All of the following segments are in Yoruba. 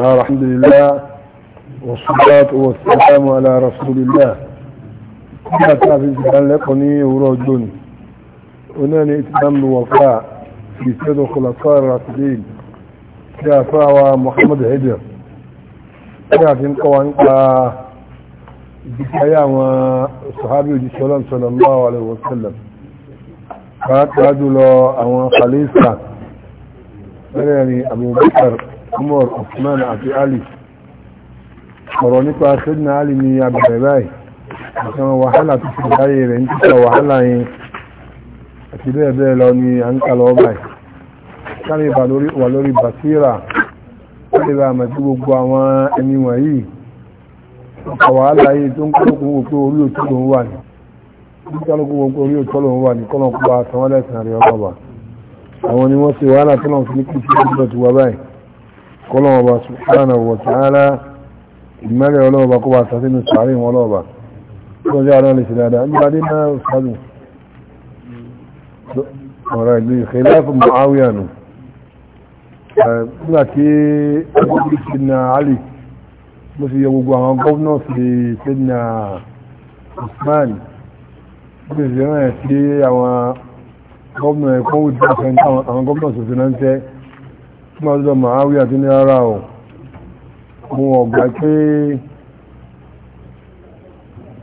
آه، الحمد لله والصلاة والسلام على رسول الله ما تعرفين تتعلقني ورجوني وناني اتمام الوفاء في سيد الخلفاء الراشدين كافا محمد هجر لكن قوانين بحياة وصحابي صلى الله عليه وسلم كافا رجل أوان خليفة يعني أبو بكر umar usman àti ali ọ̀rọ̀ nípa sẹ́dínà ali ni abẹ̀rẹ̀ báyìí àti àwọn wàhálà tó ti dáyé rẹ̀ ń títà wàhálà yẹn àti bẹ́ẹ̀ bẹ́ẹ̀ ni à basira gbogbo tó ń kọ́lọ́kùn wò orí wà ní orí wà ní kọlọ́wọ́ bá subhanahu wa ta'ala ìmẹ́rẹ̀ ọlọ́wọ́ bá kó bá sàtínú sàárín wọn lọ́wọ́ bá tó jẹ́ àrán lè ṣe dáadáa ní adé náà sàájú ọ̀rọ̀ ìlú khilafu Muawiya nù nígbà tí ọgbọ́n ti na Ali mo sì túnmọ̀ ọdún màáwí àti ní ara ọ̀ mú ọgbà pé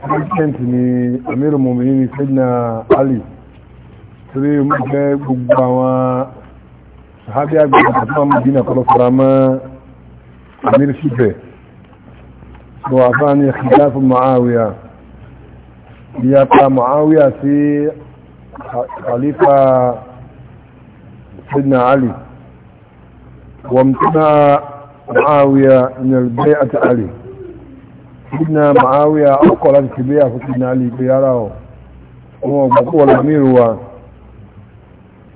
president ni amiru mọ̀mí ni Sayyidina Ali torí mọ́gbẹ́ gbogbo àwọn sahabi agbègbè àti àwọn Madina kọlọ fara mọ́ amiru síbẹ̀ so àfáà ni khilafu Muawiya ìyapa Muawiya sí khalifa Sayyidina Ali وامتنع معاوية من البيعة عليه سيدنا معاوية أقل أنك بيعة سيدنا علي بيعراه هو بقوة الأمير هو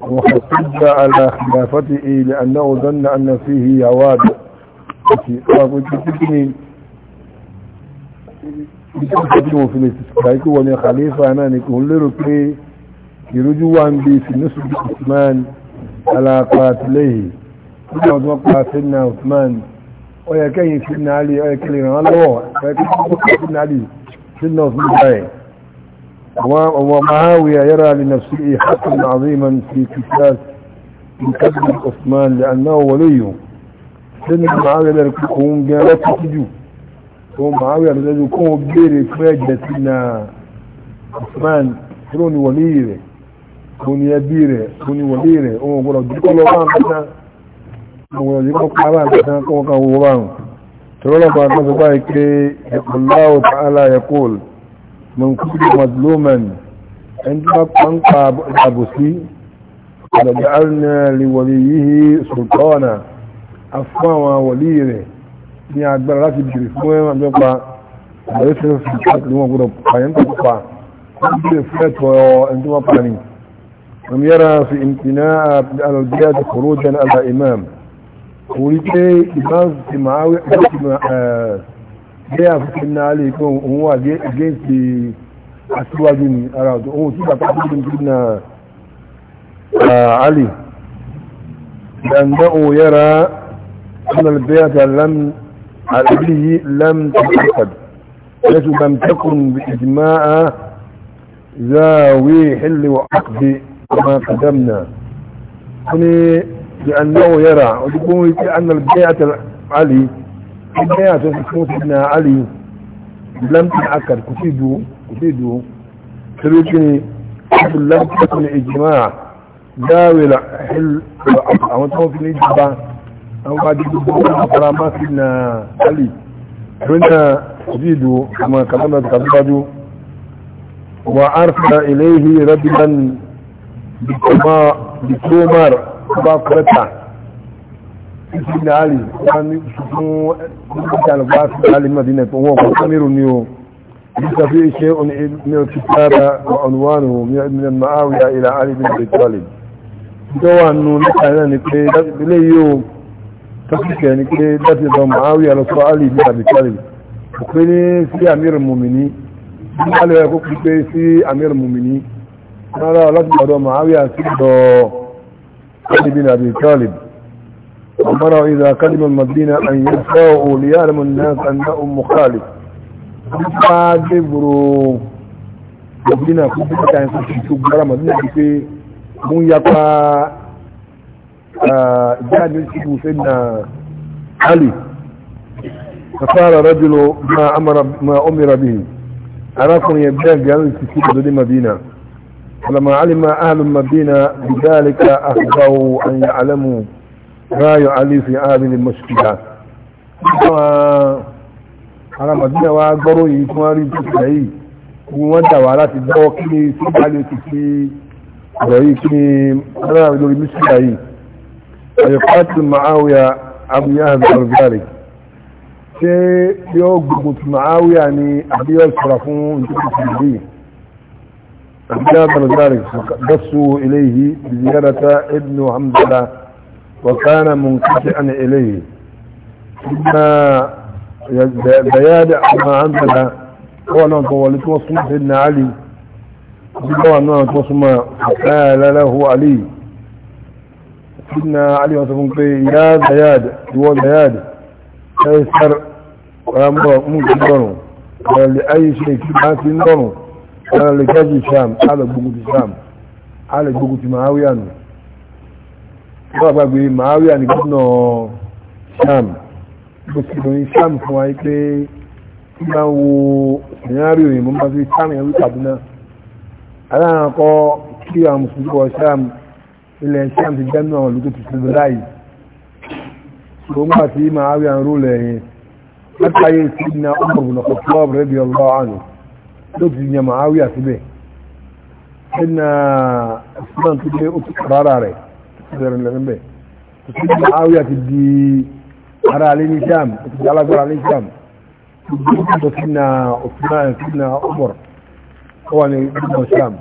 وحسد على خلافته لأنه ظن أن فيه يواد وقلت سيدني بتقدمه في الاستسكايك وانا خليفة انا نكون لركي يرجوان بي في نسب عثمان على قاتليه nígbà tó pa sínà Usman ó yẹ kẹ́yìn sínà Ali ó yẹ kẹ́lẹ̀ ràn án lọ́wọ́ ẹ̀kẹ́ sínà Ali sínà Usman báyìí ومعاوية يرى لنفسه حقا عظيما في كتاب كتاب عثمان لأنه وليه سنة معاوية لكم جالت تجو ومعاوية لكم بيري فاجة سنة عثمان كوني وليه كوني يبيري كوني وليه ومقول لك كل واحد àwọn òní kọ́ pàrà àtàkàn kọ́ kan wọ́n bá rùn tọ́lọ́pàá kan sọ báyìí pé ìpòláwò tààlà yaqul min kulli mazluman ẹni tó bá pàǹpà àbòsí àdàgbà arìnà lè wọlé yìí sultana afún àwọn wọlé rẹ̀ ní agbára láti bèrè fún ẹ̀rọ àjọpa àbẹ̀rẹ̀ fẹ́ fi káàkiri wọn gbọdọ̀ pààyàn tó pa wọ́n على إمام orí pé ìbáǹsì máa wé ẹ̀ẹ́dẹ́ àfikínà lè pé òun wà gẹ́ẹ̀sì aṣíwájú ní ara ọ̀tọ̀ ohun tí bàbá tó dín dín na alì dandá òun yára ọ̀nàlùbẹ́yà tàlám àlùbíyí lám tàbí لكن لم تكن بإجماع ذاوي حل وعقد ما قدمنا يعني لأنه يرى ويقول أن البيعة علي البيعة تموت ابن علي لم تنعكر كتيدو كتيدو تريدني لم تكن إجماع داول حل أو توفي الإجماع أو بعد كرامات ابن علي هنا كتيدو كما كلمة كتيدو وأرسل إليه رجلا بتمار bá kọ́ta títí láàrí wọ́n ní ṣùgbọ́n nígbàtí alùbá sí láàrí madina tó wọ́n kọ́ mírù ní o nígbà fi ṣe ní o ti tààrà ọ̀nùwánù mílẹ̀ ma'áwíyà ilẹ̀ alìbí ní ìtọ́lẹ̀ tó wà nù nípa náà ni pé ilé yóò tọ́síkẹ̀ ni pé láti lọ ma'áwíyà lọ sọ alìbí àbí tọ́lẹ̀ kò pé ní sí amir mumini ní alìbí kò pé sí amir mumini rárá láti lọ́dọ̀ ma'áwíyà sí lọ́ọ̀ علي بن أبي طالب أمره إذا قدم المدينة أن يدفعه ليعلم الناس أنه مخالف فاجبروا مدينة كنت كان سيشوف مدينة كي mun yapa jami'in shigo sai na ali ta ما أمر ma umira bihi a rakun yabda ga yanzu فلما علم أهل المدينة بذلك أخبروا أن يعلموا ما يعلي في هذه المشكلة على مدينة وأكبروا يتواري تسعي وانت وعلى تدعو كني سبحانه تسعي رأي كني أنا أقول المشكلة فيقاتل معاوية أبو يهب ذلك شيء يوقف معاوية يعني أبي يسرفون في المدينة فبناء ذلك دسوا إليه بزيارة ابن حمدلة وكان منقطعا إليه ثم بيادع ما حمدلة قال هو لتوصم سيدنا علي قال أنه توصم فقال له علي سيدنا علي وصفهم يا بيادع هو بيادع تيسر ويامر منك لأي شيء كما في ara lè jẹ́jú sham ala gbogbo ti sham ala gbogbo ti mahawiya nù wọ́n gbàgbé mahawiya ní gómìnà sham bó ti lòyìn sham fún wa pé tí máa ń wo ìyáàrí òyìn mọ́ máa fi sham yẹn wí Kaduna aláàrán kọ́ kí àwọn mùsùlùmí wọ sham ilẹ̀ sham ti jẹ́ náà lókè ti sílẹ̀ láì tó ń gbà sí ń rú lẹ́yìn látàyè sí ní ọmọ ìbùnà kọ̀ọ̀kọ̀ rẹ̀ bí ọlọ́wọ́ àná ló ti yẹ màáwí àtibẹ̀ ẹ̀nà ìsìlẹ̀ tó dé òkú rárá rẹ̀ tó bẹ̀rẹ̀ lẹ́nu bẹ̀ tó ti màáwí àti di ara alẹ́ ní sham tó ti alágbára ní sham tó ti dé tó ti na òkú náà tó na ọmọr ó wà ní ọmọ sham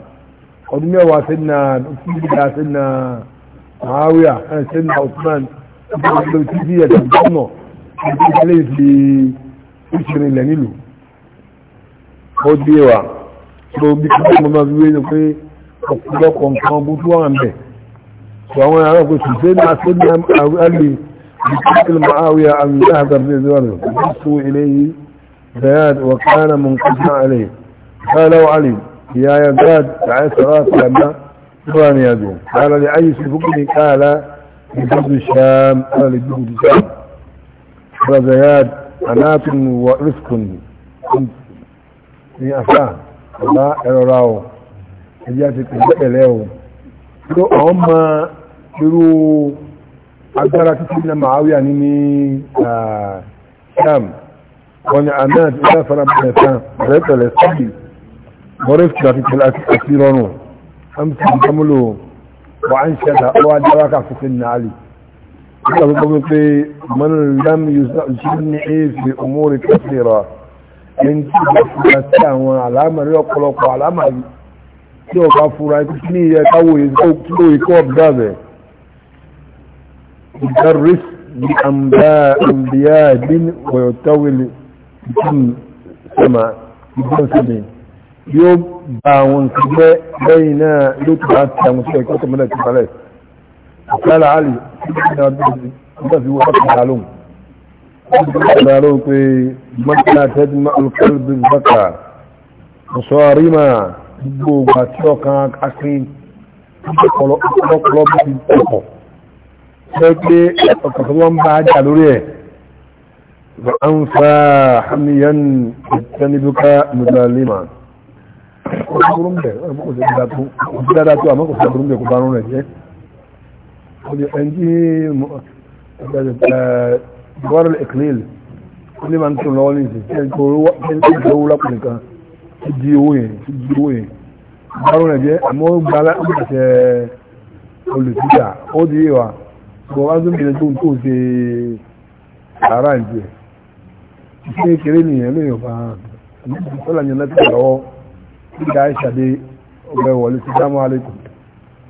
ọdún mẹ́wàá sí na òkú nígbà sí na màáwí à sí na òkú náà ti di ẹ̀dọ̀ ọmọ tó ti di ìṣẹ̀lẹ̀ nílùú ó dé wa tó bí kí wọ́n máa fi wé ni pé ọ̀pọ̀lọpọ̀ nǹkan bú tó wà ń bẹ̀ tó àwọn ará pé tó fẹ́ máa fẹ́ ní àlè بشكل معاوية أن يحضر في زوره فبصوا إليه زياد وكان منقطع عليه قال علي يا يزاد تعسرات لما قرآن يدوم قال لأي سفقني قال لجد الشام قال لجد الشام قال زياد أنات ورفق كنت ní àṣà ọ̀lá ẹ̀rọra ọ̀ ẹ̀yà ti pẹ̀lẹ́pẹ̀lẹ́ ọ̀ tó àwọn ma irú agbára títí na ma'áwíà ní ní sam wọn ni àmì àti ìdá fara bẹ̀rẹ̀ sam pẹ̀lẹ́pẹ̀lẹ́ sí mọ́rẹ́fì àti àti rọrùn hamsi ìdámúlò wà á ń ṣẹta ọwọ́ adáwákà ẹni tí ó bá fura sí àwọn àlámàrí ọ̀pọ̀lọpọ̀ àlámàrí tí ó bá fura kí ní iye káwò ìkó ìkó ọ̀bẹ̀rẹ̀ ìdaris ní àmbíyá ìdín wọ̀yọ̀tọ́wìlì ìtìm sọ́mà ìbọn síbi yóò bá àwọn ìkẹgbẹ́ lẹ́yìn náà ló ti bá ti àwọn ìṣẹ́ ìkọ́tọ̀ mẹ́lẹ̀ ti balẹ̀ àkàlà àlì tí wọ́n bá ti wọ́n bá ti قالوا في مكة تجمع القلب الزكاة مصارمة بوغا تيوكا أكين ọ̀pọ̀lọpọ̀ bí ọkọ̀ ṣe pé ọkọ̀ tó wọ́n bá jà lórí ẹ̀ bá ń fa hamiyan ìtẹ́nibúká mùsùlùmí ọkùnrin bẹ̀ ọkùnrin dáadáa tó àmọ́ kò sí ọkùnrin bẹ̀ kò bá rún rẹ̀ jẹ́ gọ́rọ̀ ìkìlẹ̀lì ní ma ń tún lọ́wọ́ ní ìsìn ẹni tó owó lápò nìkan ti di owó yẹn ti di owó yẹn bárò rẹ̀ jẹ́ àmọ́ gba lápàṣẹ olùsíjà ó di ìwà bọ̀ wá tó mìíràn tó ń tó ṣe ara ń jẹ ìṣe kéré nìyẹn lóyún fa sọ́là yẹn láti lọ́wọ́ nígbà ìṣàdé ọgbẹ́ wọlé sí dámú alẹ́kùn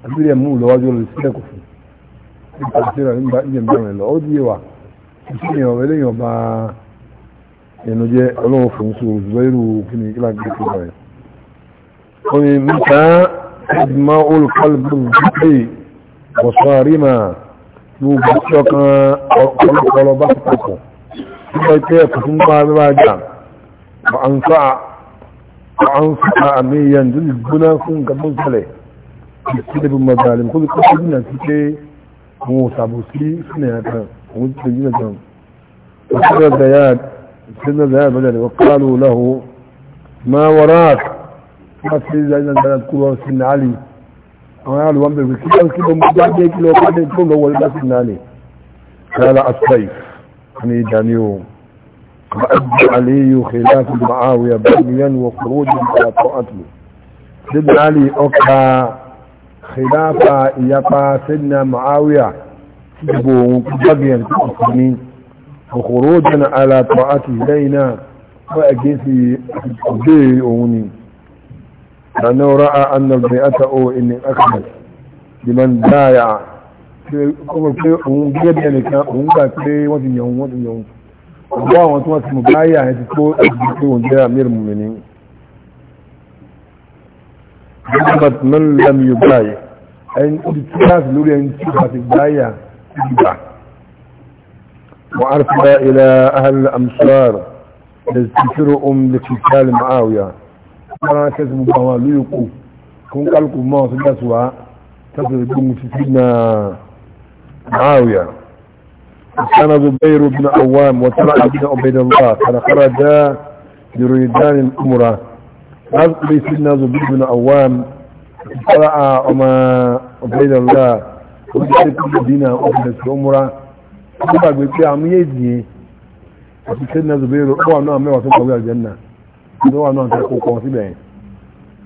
àbí mú lọ́wọ́ jọ lọ sílẹ̀ kò fún ìgbà ìṣẹ́ra nígbà ìjẹ̀mbẹ̀rẹ̀ lọ ó di ìwà kíni ọ̀rọ̀ eléyìn ọba ẹnu jẹ́ ọlọ́wọ́ fún sọ zubairu kíni kíla gbé kíla rẹ̀ ó ní mẹ́ta ẹgbẹ̀mọ́ olùkọ́lùbù gbé ọ̀sán àríma gbogbo tí ọkàn ọlọ́pọ̀lọ́ bá ti pọ̀pọ̀ nígbà tí ẹ̀kọ́ fún bá bá jà wọ́n fa àmì yanzu gbóná fún gabon sẹlẹ̀ ìsílẹ̀ bí mọ̀dàlẹ̀ kó bí kọ́ sí náà ti pé wọn ò sàbòsí sínú ẹ̀kan وقال سيدنا وقالوا له ما وراك ما سيدنا الديان كله سن علي قال وامر بكل كده مجدد كله قد يكون هو اللي سن علي قال السيف يعني دانيو فأبدى علي خلاف معاوية بنيا وخروجا على طاعته سيدنا علي أكا خلاف يقى سيدنا معاوية يبوهم بغيا المسلمين وخروجا على طاعته لينا وأجيسي به أوني لأنه رأى أن البيئة أو إني أكبر لمن بايع kọ́mọ̀ pé òun gẹ́gẹ́ bí ẹnìkan òun gbà pé wọ́n ti yàn wọ́n ti yàn ọgbọ́n àwọn tí wọ́n ti mọ̀ báyà ẹ̀ ti tó ìdíje pé òun jẹ́ àmìrì mùmí ní. Gbogbo àti mẹ́rin lẹ́nu yóò báyìí ẹni ó ti tíláàsì lórí ẹni tí ó bá ti báyà السبع وأرسل إلى أهل الأمصار ام لقتال معاوية مراكز كذب كن قالكم ما سبسوا تضربون في سيدنا معاوية كان زبير بن عوام وطلع بن عبيد الله كان خرج يريدان الأمرة رزق بسيدنا زبير بن عوام طلع أما عبيد الله ó ti ṣe kúrò dínà ọkùnrin sí ọmúra ó gbàgbé pé àmúyèdì yẹn àti ṣe náà zùbẹ́rẹ̀ ó wà náà mẹ́wàá tó kọ̀wé àjẹ́nà ló wà náà tó kọ̀kọ̀ síbẹ̀ yẹn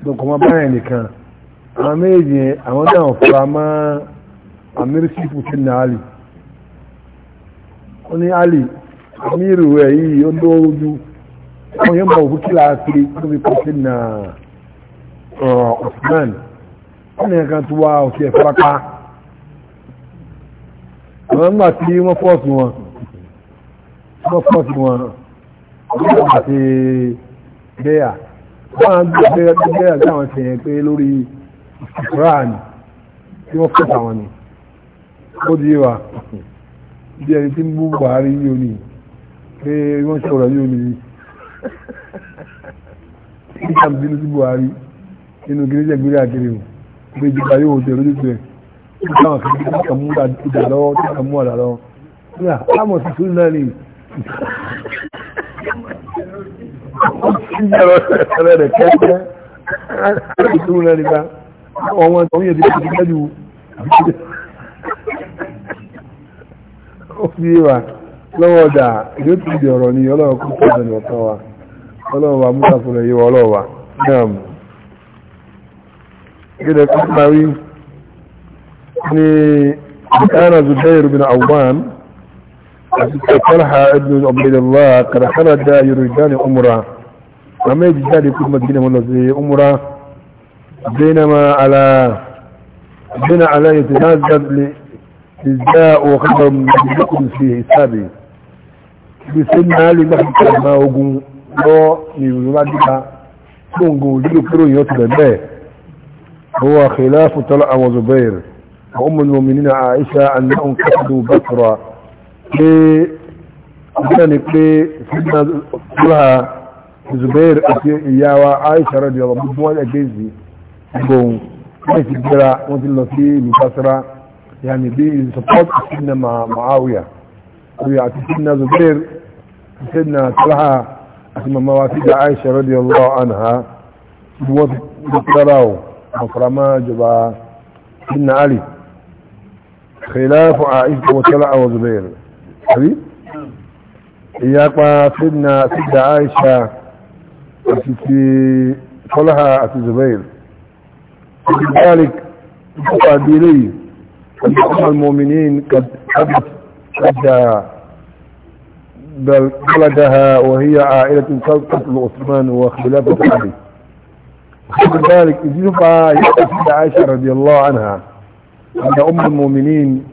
tó kọ̀ mọ́ báyẹn nìkan àwọn yẹn àwọn náà fura mọ́ amírísìpù sí nà álì ó ní álì amírù ẹ̀ yìí ó lóojú àwọn yẹn mọ̀ òkú kílà kiri tó fi kọ́ sí nà ọ̀sùnmán ó ní ẹ̀ka tó wá òkè fúrapá àwọn ńgbà tí wọ́n fọ́ọ̀sì wọn wọ́n fọ́ọ̀sì wọn àti bẹ́yà wọ́n ń gbé bẹ́yà tí àwọn ṣèyàn pé lórí ìfúráàní tí wọ́n fọ́ọ̀sì àwọn ni ó di wa bí ẹni tí ń bú Buhari yóò ní pé wọ́n ṣọ̀rọ̀ yóò ní nígbà tí Buhari nínú gírígẹ̀ gbéra kiri pé ìjọba yóò tẹ̀ lójú tẹ̀ táwọn kan tí kan mú ìdà lọ́wọ́ tí kan mú ọ̀dà lọ́wọ́ nígbà ámọ̀ sí fún náà ni ọmọ ọmọ yẹn ti fi gbẹ́jú ó fi wà lọ́wọ́ ọ̀dà yóò tún di ọ̀rọ̀ ni ọlọ́wọ́ kó tó ọ̀dọ̀ ọ̀tọ̀ wa ọlọ́wọ́ يعني كان زبير بن عوام طلحة ابن عبيد الله قد خرج يريدان عمره وما يجدان يكون مدينة ملزي عمره بينما على بين على يتنازل للجاء وخبر مدينكم في حسابه بسنة لنحن ما وقوم lọ ni ìrùnmá dípa tó ń gùn ojú kúrò yóò ti bẹ̀bẹ̀ هو خلاف طلحة وزبير أم المؤمنين عائشة أنهم كتبوا بكرة يعني كي سيدنا لها زبير إياوى عائشة رضي الله عنها موالا جيزي بون ليس الجرى وانت في مكسرة يعني دي سبوت سيدنا مع معاوية ويعطي سيدنا زبير سيدنا طلحة أسمى مواسيد عائشة رضي الله عنها بوضع بكراو مكرمة جبا سيدنا علي خلاف عائشة وطلع وزبير حبيب إياقا سيدنا سيدة عائشة أتكي طلعها أسي زبير لذلك تقعد لي أن أم المؤمنين قد حدث قد بل ولدها وهي عائلة تقتل عثمان وخلافة علي وقبل ذلك يجب عائشة رضي الله عنها عند أم المؤمنين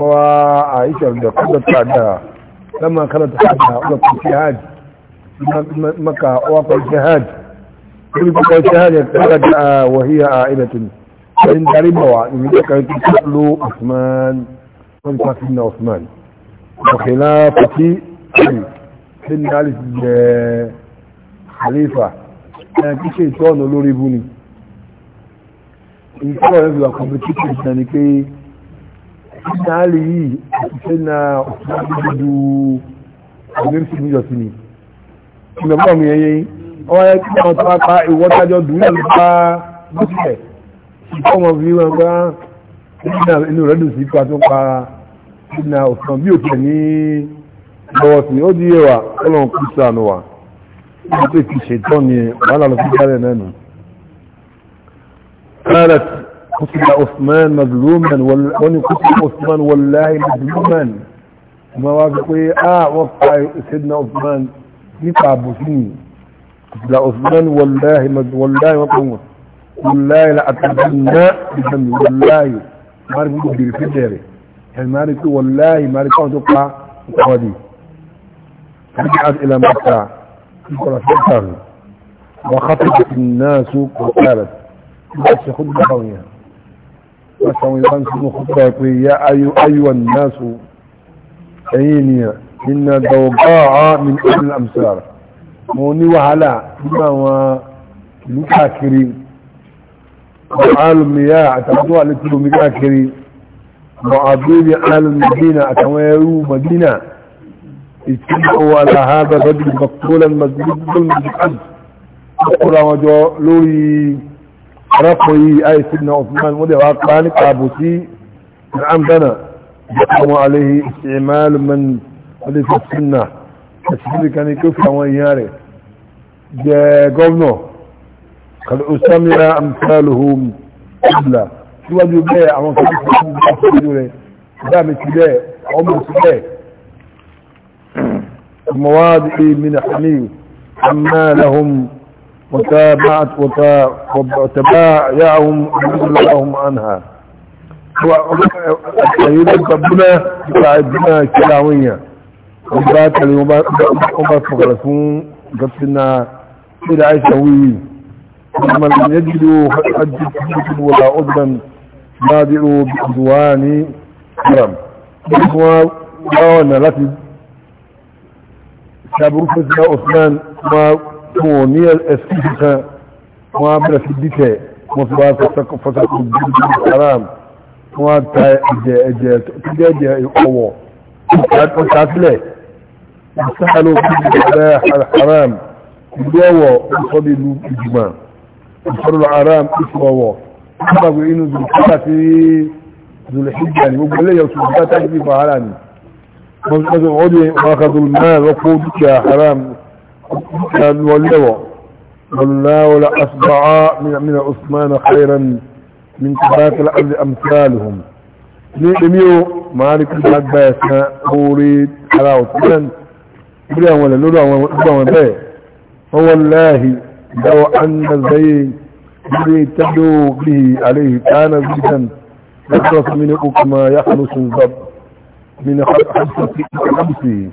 وعائشة رضي قدت بعدها لما كانت حاجة أولك الشهاد مكة أوقع الشهاد أوقع الشهاد فجأة وهي عائلة فإن تربوا إذا تسأل عثمان والفاتن عثمان وخلافة علي حين علي خليفة كان كشي لوري بني ìfọwọ́ rẹ̀ wà complicated náà ni pé ṣíṣe àlè yìí àṣìṣe náà òṣìṣẹ́ dúdú ọ̀gbẹ́rì sí níjọ sí ni ìgbàgbọ́ mi ẹyẹ ọwọ́ ẹ kí wọ́n tó wá pa ìwọ́tájọ́ dùn náà ló bá bọ́sẹ̀ ìfọwọ́ fi wọn gbá inú rẹ̀ dùn sí ipa tó pa ṣíṣe òṣìṣẹ́ bí òkè ní lọ́wọ́ sí ó di ẹwà ọlọ́run kú sànù wà ó ti ṣètọ́ ni wàhálà lọ sí jálẹ̀ قالت قتل عثمان مظلوما وال... قتل عثمان والله مظلوما ما وافقوا اه وقع سيدنا عثمان يتعب سنين قتل عثمان والله والله مظلوما والله لا اتبنى بجنبي والله ما عارف يقول في يعني ما عارف والله ما عارف اقعد وقعدي رجعت الى مكه وخطبت الناس وقالت بس خد قوية بس هو يبان سنو خطة يا أيو أيها الناس عيني إن دوقاع من أهل الأمثال موني وهلا إما و لكاكري وعال المياه أتبدوا لكلو مكاكري وعضيب أهل المدينة أتويروا مدينة اجتمعوا على هذا الرجل مقتولا مسجد المسجد قرى وجو لوري arákùnrin yìí àìsí na osman wọ́n dẹ̀ wá pa nípa àbòsí ìrànbẹ́nà ọmọ aléhi ìṣẹ̀málùmọ́n ọdẹ́sẹ̀ sínà ẹ̀sìnkú kan ní kí ó fi àwọn èèyàn rẹ̀ jẹ́ gọ́vnọ̀ kàlù ọ̀sánmìlá amsaluhum ọ̀bùlà síwájú bẹ́ẹ̀ àwọn kan tó fún bá fojú rẹ̀ dá mi ti bẹ́ẹ̀ ọmọ sí bẹ́ẹ̀ mọ̀wádìí min hamil amma lahum وتابعت وتبايعهم لهم عنها ويرد ربنا يساعدنا كلاوية وبات الأمر فغرسون قصنا إلى عشوي ومن لم يجدوا حج حجة ولا عذرا بادئوا بأدوان حرم وانا لكن شاب رفضنا عثمان wọn ní ẹ̀sìn kankan wọn á bẹ̀rẹ̀ sí dìtẹ̀ wọn fi wá fọ́sàkó bíbí haram wọn á ta ẹ̀jẹ̀ ẹ̀jẹ̀ tó jẹ́ ẹ̀jẹ̀ ọ̀wọ̀ wọn ta sílẹ̀ wọn sáàlù bíbí ẹ̀jẹ̀ haram ìlú ọ̀wọ̀ wọn sọ ní ìlú ìjùmọ̀ ìfọ̀rọ̀ haram ìfọ̀ ọ̀wọ̀ wọn gbàgbé inú zùlùkọ́tà sí zùlùkíjà ni gbogbo eléyà zùlùkọ́tà sí ìfọ̀ haram ni wọn sọ كان ولوا لا لأسبعاء من من عثمان خيرا من كبات الأرض أمثالهم نيميو مالك الحد باسا أوريد على عثمان بلا ولا لولا ولا فوالله لو أن الزين الذي تدعو به عليه كان زيدا يخلص من كما يخلص الضب من حبسه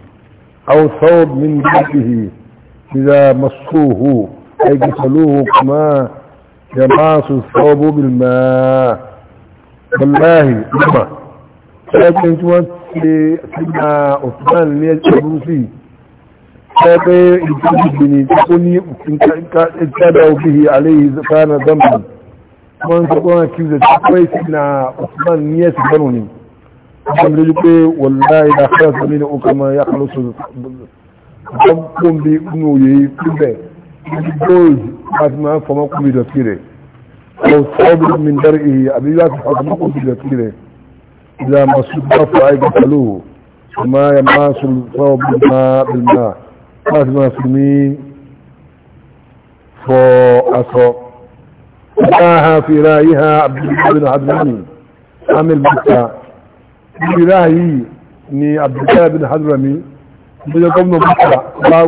أو ثوب من بيته إذا مصوه أي قتلوه كما يماس الثوب بالماء بالله لما لكن توانت سيدنا عثمان ليس أبوسي كابي يجب بني تقولي اتبعوا به عليه كان ذنبا wọ́n sọ pé wọ́n kí ṣe pé ìsìnà osman ní ẹ̀sì gbọ́nù ni wọ́n lè يخلص kọ́ńbí nínú òye síbẹ̀ ibi gold láti máa fọmọ́ kúmi dọ̀tí rẹ̀ ọ sọ́ọ́bù mi dẹ́rẹ́ ìhì àbí láti fọmọ́ kúmi dọ̀tí rẹ̀ ìlà masu dáfọ́ àìgbà pẹ̀lú ọmọ ya máa sọ sọ́ọ́bù máa bìnnà láti máa fi mí fọ aṣọ. Sáhà fi ráyí ha Abdullahi bin Hadrami, Amil Mata. Fi ráyí ni Abdullahi bin Hadrami, bóyá gómìnà bùkà bá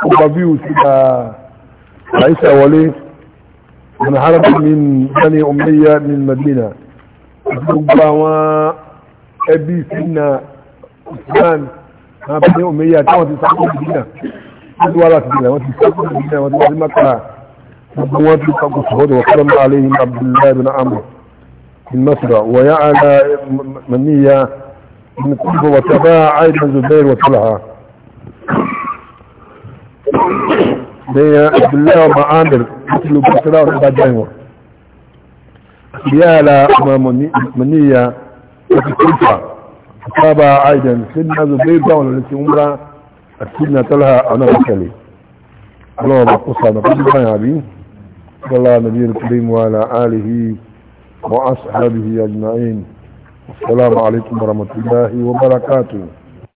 gba bíu sí ka àìsà wọlé wọn harabi min bani umayya min madina gbogbo àwọn ẹbí sinna usman àwọn bani umayya táwọn ti sáfù madina wọn ti wá láti dìlà wọn ti sáfù madina wọn ti wá sí makara gbogbo wọn ti kàkó sọfọdọ wọn kọlọmọ aleyhim abdullahi bin amr من مصر ويعلى منية من كتب وتباع عيد الزبير وطلحة بين عبد الله ومعامر مثل بكرة وربا جايور بيالا منية وفي كلفة أيضا سيدنا سنة زبيبة والتي عمرها السنة لها انا وكلي اللهم قصة نقول يا عبي صلى الله نبي الكريم وعلى آله وأصحابه أجمعين السلام عليكم ورحمة الله وبركاته